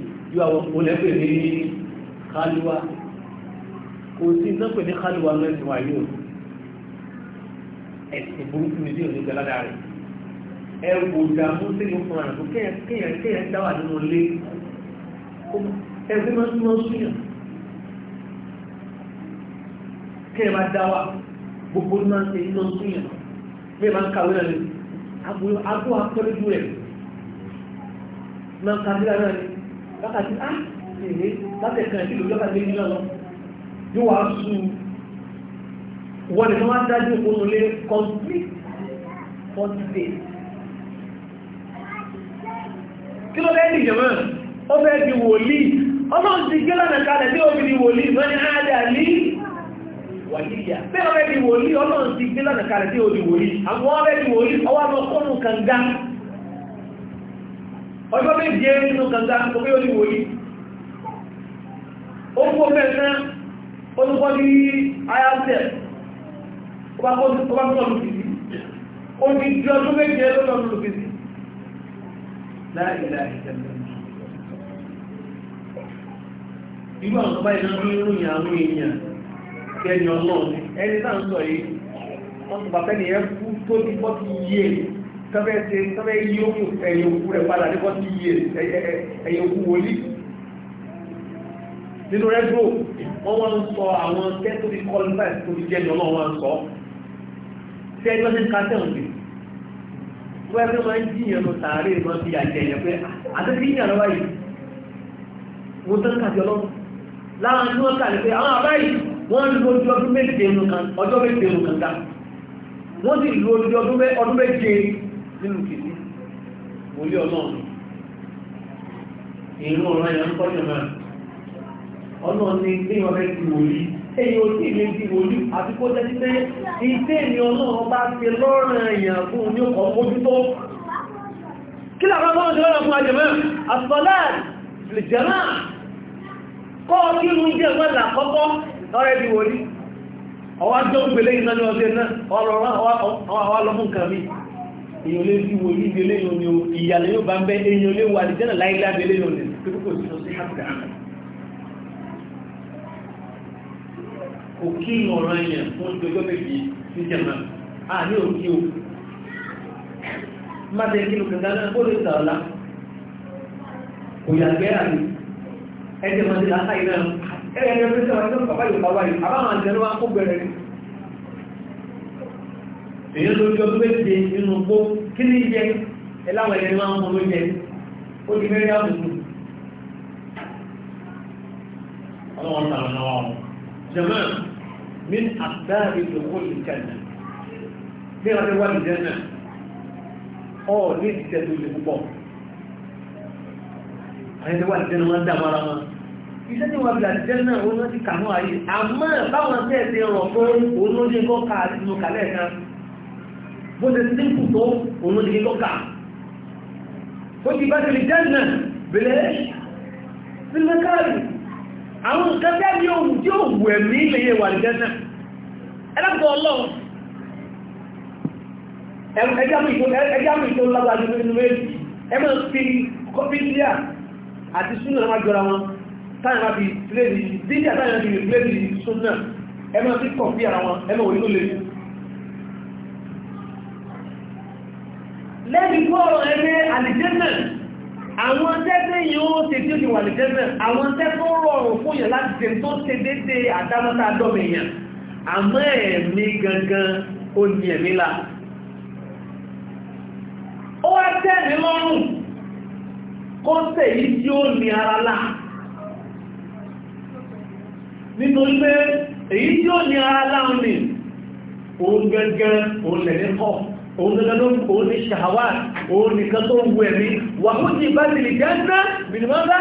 ju àwọn olẹ́pẹ̀ ní kálíwá kò sí ìdánpẹ̀ ní kálíwá mẹ́sìn wà yóò ẹ̀sìn burúkú ní sí òní gbẹ́ládà rẹ̀ ẹ wò dààmú sí ní fún àrùn kéèyàn kéèyàn dáwà nínú ilé ẹgbẹ́ máa ń súnmọ́ súnyàn kéèyàn bá dáwà gbogbo ní máa ń ṣe iná súnyàn kéèyàn máa ń kàwé náà ní agbó akọ́rẹ́jú rẹ̀ máa ń kàwé náà ní wákàtí á ah, èrè látẹ̀kàn ìlú lọ́kà lé ní lọ́lọ́ yóò wá sú wọ́n ni wọ́n dájú òkúnnú lé complete forty days kí ló fẹ́ ní ìjọba ó fẹ́ di wòlíì ọlọ́run ti gé lọ́nà kalẹ̀ tí ó fi di wòlíì wọ́n ni áádà ah, lí wàlíyà bẹ́ẹ̀ ọ̀rẹ́ di wòlíì ọlọ́run ti gé lọ́nà kalẹ̀ tí ó di wòlíì àwọn ọ̀rẹ́ di wòlíì ọwọ́ àwọn ọkùnrin kànga ọjọ́ méje nínú kànga orí oníwò yìí ó kó mẹ́ta olùkọ́ ní ayáṣẹ́ ọbákọ́ lùfìsí ó ti di ọdún méje lọ́nà lùfìsí láìláì tẹ́lẹ̀ irú àwọn ọba ìlànà ìròyìn àwọn èèyàn kẹ́ni ọlọ́ọ̀ni ẹni táà ń sọ yìí wọ́n tó bàtẹ́ni ẹ kú tó ti pọ́ ti yé tọ́fẹ́ ṣe tọ́fẹ́ yí òkú ẹ̀yẹ òkú rẹ̀ padà ní kọ́sí yìí ẹ̀yẹ òkú wòlí nínú rẹ́dúró wọ́n wọ́n ń sọ àwọn tẹ́ tó fi kọ́lífà tó fi jẹ́ ìjọba wọn sọ tí ẹjọ́ ti ń ka tẹ̀wọ̀n sí wọ́n ẹgbẹ́ máa ń jiyàn lọ sàárè máa fi àjẹyàn pé àtẹ́sí yìnyín àlọ́ báyìí mo tán kàdí ọlọ́run láwọn tí wọ́n kà ní pé àwọn àbáyìí wọ́n ń lo ojú ọdún méje ọjọ́ méje nù kàńtà wọ́n sì lo ojú ọdún méje nínú kìí wòlé ọlọ́run ìrún ọ̀rọ̀ ẹ̀yà ń náà ọlọ́run ilé ọ̀rẹ́ ti wòlí èyí ò tí ilé ti wòlí àti kó jẹ́ ilé ni ọlọ́run bá ti lọ́rùn ẹ̀yà fún ní ọkọ̀ mójútó kí làwọn ọmọ ọrụ jẹ́ ọrụ ọrụ ọrụ ọrụ ọlọ́run èyàn lé bí wòlí bí eléyìn ni o ìyàlẹ̀ yóò bá ń bẹ́ èyàn lé wà nìjẹ́nà láìláà bí eléyìn ni pé kò sí ọsí àpùdà kò kí ọ̀ràn èèyàn fún ìjọjọ́ méjì ní jẹ̀mà à ní òkí o má jẹ́ kí lókè dáná ó lè sà ọ̀la kò yàgbẹ́ àmì ẹ̀jẹ̀ máa ti lásà ìlànà ẹ̀rẹ̀ ẹ̀rẹ̀ pẹ́sẹ̀ wáyé bàbá èyí lójú ọdún méje nínú gbó kí ní jẹ ẹláwọ̀ ẹ̀rẹ́ máa ń mọ ló ó di mẹ́rin àbùkù ọlọ́wọ́n tààrà náà wọ́n jẹ̀mọ́ mi bí wọ́n ti wá ìjẹ́ náà ọ ní ìdíjẹ́ tó lè púpọ̀ àwọn ìdíjẹ́ wà ìjẹ́ náà máa ń ara wọn iṣẹ́ tí wọ́n bìlà jẹ́ náà wọ́n ti kà ayé àmọ́ báwọn tẹ́ẹ̀ rọ̀ fún kọ́ bó ṣe sínkù tó òun ní lọ́kà ó ti bá ti lè jẹ́nà bẹ̀rẹ̀ sílẹ̀kàrí àwọn nǹkan tẹ́ ní ohun tí ó wù ẹ̀mí lèyẹ wà jẹ́nà ẹlẹ́pọ̀ ọlọ́run ẹjámù ìtò lágbàájú nínú méjì ẹmọ́ fi kọ́pílíà àti súnà má jọra wọn táyà fi sílẹ̀ lẹ́yìn kọ́rọ̀ ẹgbẹ́ àlìjẹ́mẹ̀ àwọn tẹ́tẹ́ yóò ṣe tí ó ti wà àlìjẹ́mẹ̀ àwọn tẹ́tọ́ rọrùn fún yẹn láti ṣe tó ṣe dédé àdámọ́ta dọ́mẹ̀yàn àmọ́ ẹ̀mí gangan ó ní ẹ̀mí la ó wá tẹ́ẹ̀mí lọ́rùn kó tẹ̀ yí tí ó ní ara la nítorí pé èyí tí ó ní ara láwọn ni òun gangan òun lẹ̀ ní kọ́ òun gẹ́gẹ́ ló òun ní ṣàwà òun nìkan tó ń wù ẹ̀mí wà ó ti bá ti lè jẹ́ńdá bìnnìmọ́lá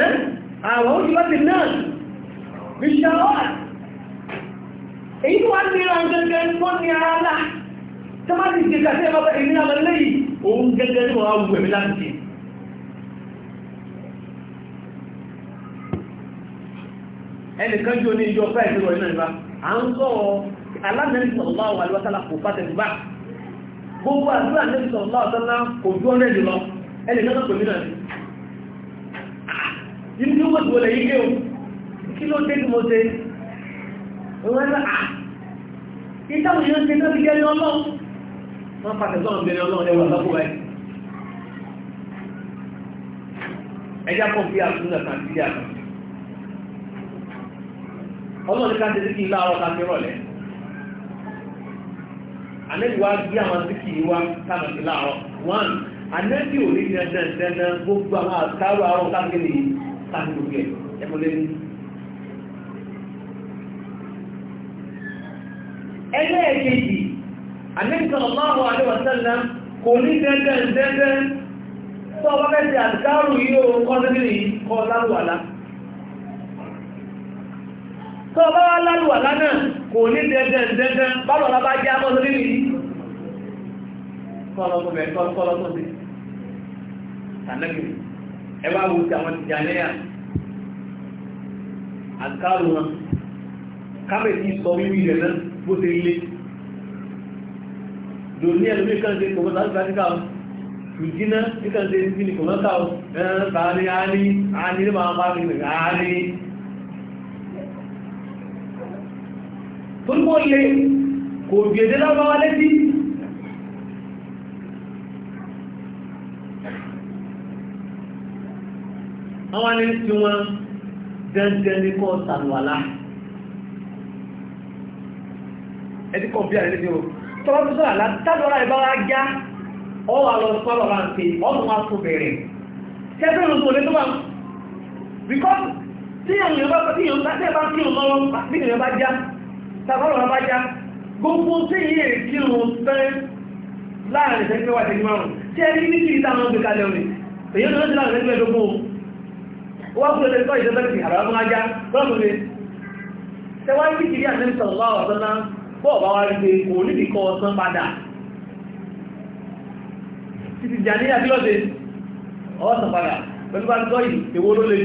ẹ́ àwọn ó ti bá ti náà bí ṣàwà èyí tó wá ní ra gẹ́gẹ́ tó ní ara lá tó má ti gẹ́gẹ́ sí ẹ̀mọ́ bẹ́ẹ̀ ní àwọn eléyìí òun gẹ́gẹ́ ló wà wù ẹ̀mí láti jẹ́ ẹnìkan jò ní ìjọ fẹ́ẹ̀ tó wọ̀ nínú ìbá à ń sọ̀rọ̀ alánàbí sallallahu alaihi wasallam kò pàtẹ́lú bá gbogbo àdúrà nẹ́bí sallallahu alaihi wasallam kò ju ọ́rẹ́ jù lọ ẹni kẹ́kọ̀ọ́ pẹ̀lú náà yìí tí ó wọ́n ti wọlé yìí kéwò kí ló dé tí mo ṣe wọ́n rẹ̀ à ìtàwọn yóò ṣe lórí gẹ́rẹ́ ọlọ́run wọ́n pàtẹ́ sọ́rọ̀ gẹ́rẹ́ ọlọ́run ẹwà lọ́pọ̀ ẹ̀ ẹjá pọ̀ bí àtúnṣe kan sí àtúnṣe ọlọ́run ká ti sí kí láàárọ̀ ká fi rọ̀lẹ́ anẹ́bí wá gbé àwọn síkì wá sáàmù sí láàárọ̀ one anẹ́bí ò ní dandan dandan gbogbo àwọn àtàrò àwọn sáàmù ní sáàmù gbogbo ẹ̀ ẹ̀kọ́ lé ní. ẹlẹ́ẹ̀kejì anẹ́bí sọ̀rọ̀ máa wọ àdéhùn sẹ́lẹ̀ kò ní dandan dandan tó ọba mẹ́sì àtàrò yìí ó kọ́ sẹ́kìrì kọ́ láwùwàlá tó ọba wá láwùwàlá náà kò ní dẹ́dẹ́dẹ́dẹ́ báwọn ọ̀la bá jẹ́ amọ́sọ nínú yìí kọ́lọ́ tó bẹ̀ kọ́lọ́ tó bẹ̀ sànẹ́bì ẹ bá wo ti àwọn tìjà níyà àkàrò wọn kábẹ̀tì sọ wíwí rẹ̀ náà bó ti lé lòní ẹlòmí kan ṣe kòmọ́ láti pàtíkà ọ̀ ṣùgbọ́n ní kan ṣe ní kòmọ́ ká ọ̀ ẹ̀ẹ́n bá ní àárín àárín ní máa bá ní àárín torípò lè kò gèdè lábáwá létí àwọn ẹni tí wọ́n dẹ́ndẹ́ ní kọ́ sàlùwàlá ẹni o tọ́wọ́ tó sọ́rọ̀ látàdọ́rà ìbára já lọ sọ́rọ̀ bá ń pè ọdún wá tó bẹ̀rẹ̀ tẹ́bí ìrùn tàbáwọn abájá gbogbo tí yìí kí wọn tán láàrin ìṣẹ́jú mẹ́wàá ìṣẹ́jú márùn tí ẹni ní kí ìtàwọn gbé kalẹ̀ òní èyí ló ti láàrin ìṣẹ́jú ẹ̀dógún wọ́n kúrò lè kọ́ ìṣẹ́jú mẹ́rin àbábá máa já lọ́kùnrin tẹwàá ní kìí àmì sọ̀rọ̀lá ọ̀sánná bọ́ọ̀ bá wá rí pé kò níbi kọ́ ọ̀sán padà títí jà ní àbílọ́dẹ tọ́ yìí èwo ló lè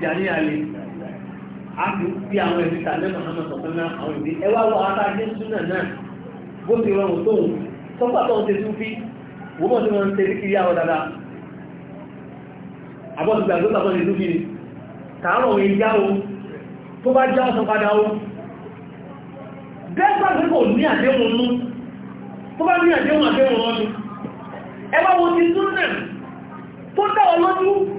tìjàníyà a ti àwọn ẹ̀mí tà lẹ́nu àmọ́ náà àwọn ìdí ẹ wọ ara ní súnà náà bó ti rọrùn tó ń tó ń ṣe tún fi wọ́n mọ̀ tí wọ́n ń ṣe kiri àwọn dáadáa àbọ̀tí ni òun ìjà o tó bá já ọ̀sán padà o gẹ́gbà kò ní àdéhùn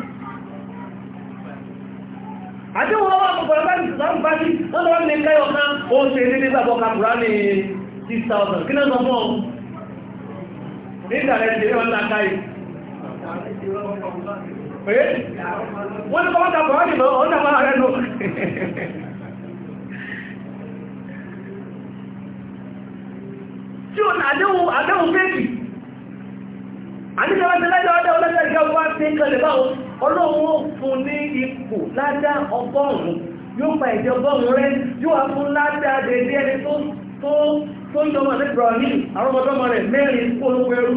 àdéhùn ọwọ́ àpapọ̀lọ́ bá ìsìnkú àwọn bá sí wọ́n lọ́wọ́ ní káyọ̀ kan ó ṣe ní nígbà bọ́ kàbùrá ní 6000 kí lọ́sọ fún ọ̀hún ní ìdàrẹ́ ìdèrè ọ̀nà àkáyì wọ́n ní kọ́wọ́ kàbùrá ní ọ̀nà àpá rẹ̀ nù tí ó ní àdéhùn méjì àníjọ bá ti lẹ́jọ́ ọjọ́ ọlọ́jọ́ ìjọ wá sí kẹlẹ̀ báwo ọlọ́run ó fún ní ipò ládá ọgọ́rùn-ún yóò pa ìjọ ọgọ́rùn-ún rẹ yóò wá fún ládá dédé ẹni tó tó tó ń jọmọ ní Ibrahim àwọn ọmọdọ́mọ rẹ mẹ́rin kó ló pẹ́rú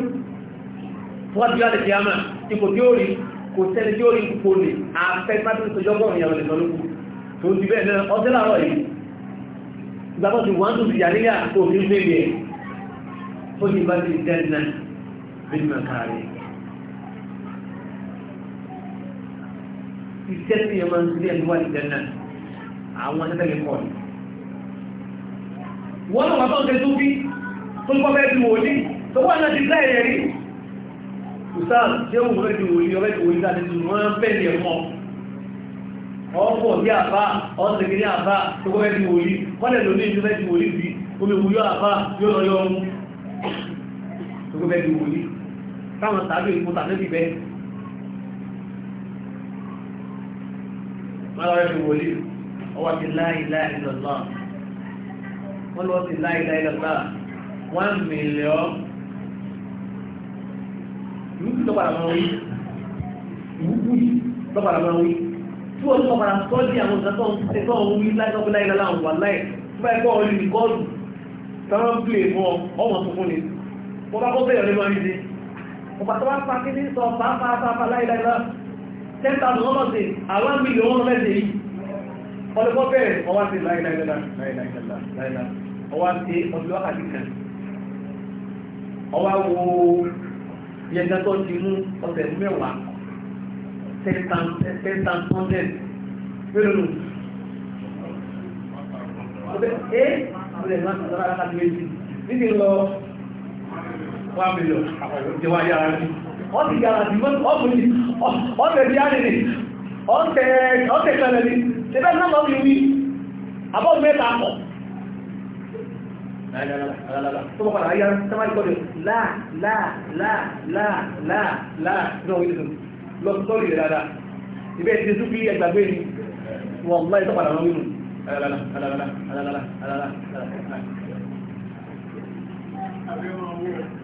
wọ́n ti láti fi àmà ipò tí ó rí kò sẹ́ni tí ó rí ipò ní afẹ́ pátí ìtọ́jọ́ ọgọ́rùn-ún ìyàwó nìkan ló kù tó ti bẹ́ẹ̀ náà ọjọ́ láàárọ̀ yìí ìgbàgbọ́ ti wọ́n tún ti yà nílẹ̀ àkókò ní بالمكاره iṣẹ́ tí ẹ máa ń sílé ẹni wá ìjẹ náà àwọn ẹgbẹ́lẹ̀ pọ̀ ní wọ́n náà wà bá ń tẹ́ tó bí tó ń kọ́ bẹ́ẹ̀ di wòlí tó wà náà ti gbá ẹ̀rẹ̀ rí ìsáà tí ó wù bẹ́ẹ̀ di wòlí ọbẹ̀ di wòlí láti tún wọ́n bẹ́ẹ̀ lè mọ́ ọ̀pọ̀ bí àbá ọ̀sẹ̀kì ní àbá tó kọ́ bẹ́ẹ̀ di wòlí kọ́lẹ̀ lóní ìjọba di wòlí bí omi òwúyọ́ àbá yóò lọ yọ ọmú tó táwọn tàbí ipò tàbí bẹ́ mọ́lọ́rẹ́ fi wòlí ọwọ́ ti la ilaha illallah wọ́n lọ́wọ́ ti la ilaha illallah one million ìwúkú lọ́pàá máa wí ìwúkú lọ́pàá máa wí tí wọ́n lọ́pàá sọ́ọ́dí àwọn ìsàtọ̀ ìsẹ́tọ̀ òun wí láìsọ́pẹ́ láìláìlá àwọn wà láì tí wọ́n ẹgbọ́ orí nìkọ́ọ̀lù tọ́rọ̀ ń pè mọ́ ọmọ tuntun ni wọ́n bá kọ́ bẹ̀rẹ̀ lé máa ń ṣe ọ̀pá tó wá pa kí ní sọ pàápàá pàápàá láìláìlá ten thousand dollars day àwọn million one hundred day ọlọ́pọ̀ bẹ̀rẹ̀ ọwá sí láìláìlá láìláìlá ọwá sí ọdún wákàtí kan ọwá wo yẹnjẹ tó ti mú ọ̀sẹ̀ mẹ́wàá ten thousand ten thousand hundred mélòó ọ̀sẹ̀ ẹ́ ọ̀sẹ̀ máa ń sọ̀rọ̀ àkàtúwèsì nídìí lọ one million àpàlọ́jẹ́ wá yára ní wọ́n ti yára ní ọ̀tẹ̀ bí á nìní ọ̀tẹ̀ kẹrẹ ní ṣẹbẹ́ nọ́mbà mi wí àbọ̀ mẹ́ta pọ̀ tó bọ́kọ̀ láyá sábà ìkọ́lẹ̀ láà láà láà láà láà láà náà wí nínú lọ sọ́ọ̀lì rẹ̀ dáadáa ibẹ̀ ti tún bí ẹgbàgbé ni wọn láì tọ́pàdà lọ nínú Thank you.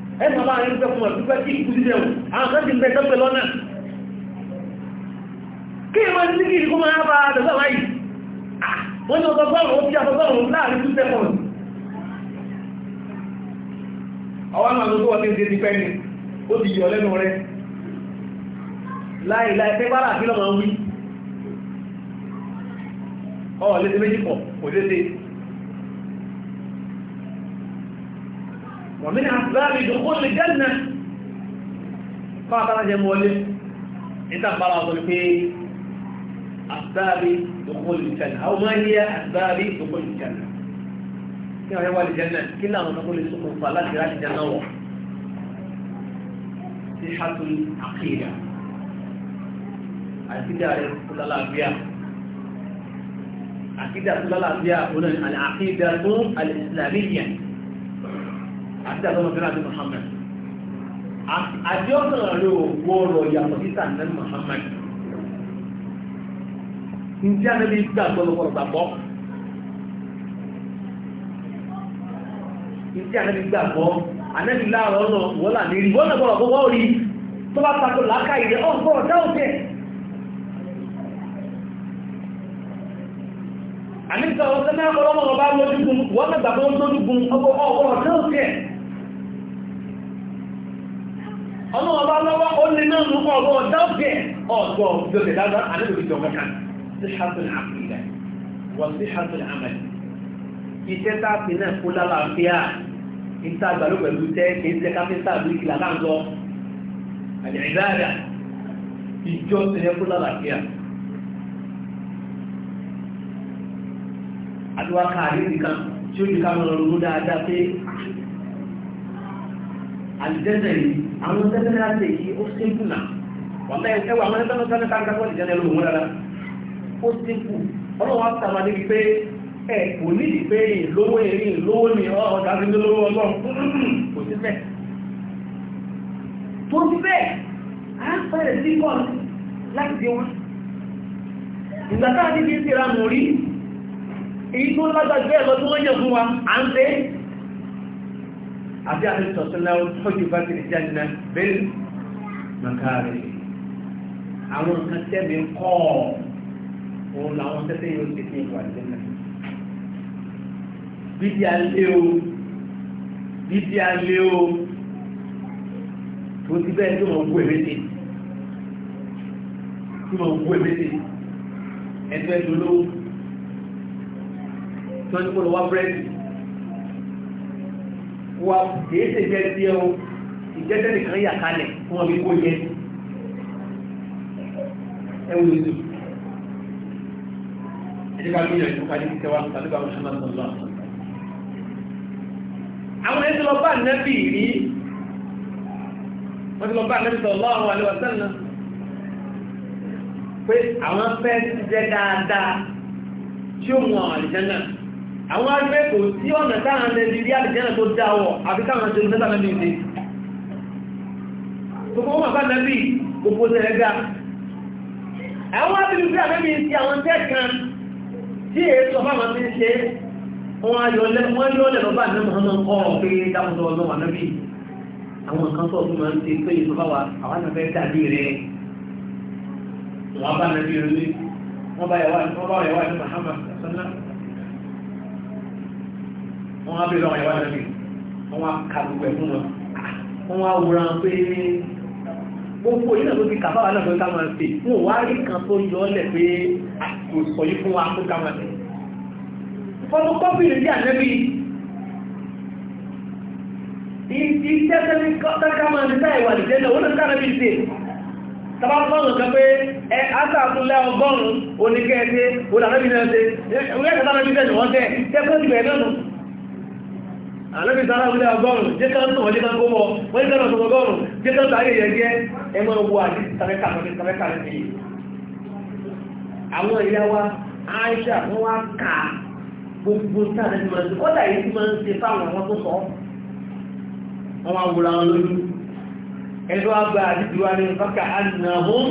ẹ̀sùn bá rẹ̀ ń fẹ́ fún ọ̀dúgbẹ́ tí ìkú sí ẹ̀wọ̀n àwọn kan ti ń bẹ tọ́pẹ̀ lọ́nà kí ìwọ̀n ti kí ìkú máa bá dọ̀gbà wáyì wọ́n ni ọgọgọ́rùn ó fi ọgọgọ́rùn láàrin two seconds ọwọ́ àwọn àgbẹ̀tọ́ wọ́n ti ń ti pẹ́ni ó ti yọ lẹ́nu rẹ̀ láì láì pẹ́ bára àfihàn máa ń wí ọ̀ lé ومن أسباب دخول الجنة قال رجل مولد إذا فرض في أسباب دخول الجنة أو ما هي أسباب دخول الجنة كما هو الجنة كلها نقول السكر صلاة لا الجنة صحة العقيدة العقيدة كل الأنبياء عقيدة كل الأنبياء هنا العقيدة الإسلامية àti àtọ́nà fẹ́rẹ́ àti Muhammad àjọ́nà rẹ̀ ò gbọ́ọ̀rọ̀ yàtọ̀ títà ní Muhammad ǹjẹ́ ànábi gbà gbọ́lọ́gbọ́lọ́ gbàgbọ́ ǹjẹ́ ànábi gbàgbọ́ ànábi láàrọ̀ ọ̀nà wọ́là ní rí wọ́là gbọ́lọ̀ gbọ́wọ́ rí tó bá pàtó làákà ìrẹ́ ọ̀gbọ́rọ̀ dáhùn tẹ̀ àníkà ọ̀sẹ̀ náà ọlọ́mọ̀ ọba lójúgun wọ́n mẹ́gbàgbọ́ lójúgun ọgbọ́ ọ̀gbọ́rọ̀ dáhùn tẹ̀ ọmọ ọba lọ́wọ́ ó lè náà mú kọ́ ọgbọ́n dábẹ̀ ọ̀gbọ́ gbogbo dáadáa àdébòbí jọ mẹ́ta sí ṣàtún àpìlẹ̀ wọ́n sí ṣàtún àmàlì iṣẹ́ tá a fi náà kó lálàáfíà níta àgbàlú pẹ̀lú tẹ́ kìí ṣe káfíńtà bí kìlà náà lọ àdìrìdáàdà ìjọ ti yẹ kó lálàáfíà àdúrà káàdì nìkan tí ó di ká mọ̀ lọ́rùn àlìjẹ́sẹ̀ yìí àwọn tẹ́tẹ́lẹ́ àti èyí ó sínkù náà wọ́n mẹ́rin ẹwà àwọn ẹgbẹ́ mẹ́ta mẹ́ta mẹ́ta wọ́n ìjẹ́nà ẹlòmọ́ rárá ó sínkù ọlọ́wọ́ àtàmà níbi pé ẹ kò nídi pé ìlówó èrí ìlówó ni ọ̀ọ́dà sí lówó ọlọ́run kò sí bẹ́ẹ̀ tó sí bẹ́ẹ̀ á pẹ̀rẹ̀ sí kọ́ láti di wọn ìgbà táà níbi ìsira mọ̀ rí èyí tó àti àtẹ́sọ̀tọ́lá ọjọ́ bá ti jẹ́ nínú bẹ́ẹ̀ makari àwọn nǹkan tẹ́mi kọ́ òun làwọn tẹ́tẹ́ yóò ti fi ìwà ìdẹ́nà bíbí alẹ́ o bíbí alẹ́ o tó ti bẹ́ẹ̀ tó máa gbó èmété tó máa gbó èmété ẹgbẹ́ tó lówó tó ń kó lọ wá búrẹ́dì wa kìí ṣe jẹ díẹ̀ o ìjẹ́jẹ́ nìkan yà kalẹ̀ fún ọmọ ikú jẹ ẹwù lóṣù ẹjẹ́ ká gbìyànjú nípa ní kíkẹ́ wa tàbí bá wọn ṣọlá sọlọ. àwọn ẹni lọ bá nẹ́bì rí wọ́n ti lọ bá nẹ́bì sọ̀rọ̀ lọ́wọ́ àlewà sẹ́nu pé àwọn fẹ́ jẹ́ dáadáa tí ó mú àwọn àlìjẹ́ náà àwọn agbẹ́ kò sí ọ̀nà táwọn ẹni rí àdìjẹ́nà tó dáwọ̀ àbí káwọn ṣe lọ́tà lẹ́bí ìdí gbogbo wọn bá lẹ́bí gbogbo ẹ̀ẹ́gá àwọn abìlú bí àbẹ́bí ti àwọn tẹ́ẹ̀kan tí èyí sọ fáwọn ti ṣe wọn ayọ̀lẹ́ wọn yọ́lẹ̀ lọ́bà ní mọ̀ọ́nà kọ́ pé dámọ́tọ́ ọlọ́wà lẹ́bí àwọn kan tó ọdún máa ń ti pé ìsọ fáwọn àwọn àfẹ́ dàbí rẹ̀ wọn bá lẹ́bí rẹ̀ wọ́n bá yẹ̀wà ní Muhammad sallallahu wọ́n á bèèrè àwọn ìyàwó àti wọ́n á ka gbogbo ẹ̀fún wọn wọ́n á wúra pé gbogbo yìí náà ló fi kàfà wà náà tó ká máa ṣe wọn ò wá rí kan tó yọ ọ́lẹ̀ pé kò sọ yìí fún wa tó ká máa ṣe. fọ́tò kọ́pì rẹ̀ bí ànẹ́bí iṣẹ́ tẹ́lẹ̀ ká máa ṣe táyà ìwà ìjẹ́ náà wọ́n náà kára bí ṣe. sábà fọ́nù kan pé ẹ aṣáàtúnlẹ̀ ọgọ́rùn-ún oníkẹ́ẹ̀ṣe olùdàbẹ̀bí náà ṣe ìwé ẹ̀ṣẹ̀ àlẹ́bí sára wílé ọgọ́rùn-ún jẹ́ ká ń tàn jẹ́ ká ń kó mọ́ wọ́n jẹ́ ọ̀tọ̀ ọgọ́rùn-ún jẹ́ ká ń tàrí ẹ̀yẹ jẹ́ ẹgbẹ́ owó àti tàbẹ́kà lọ́dẹ́ tàbẹ́kà àwọn ìyá wa Aisha wọ́n wá ká gbogbo sáré ti kọ́dà yìí ń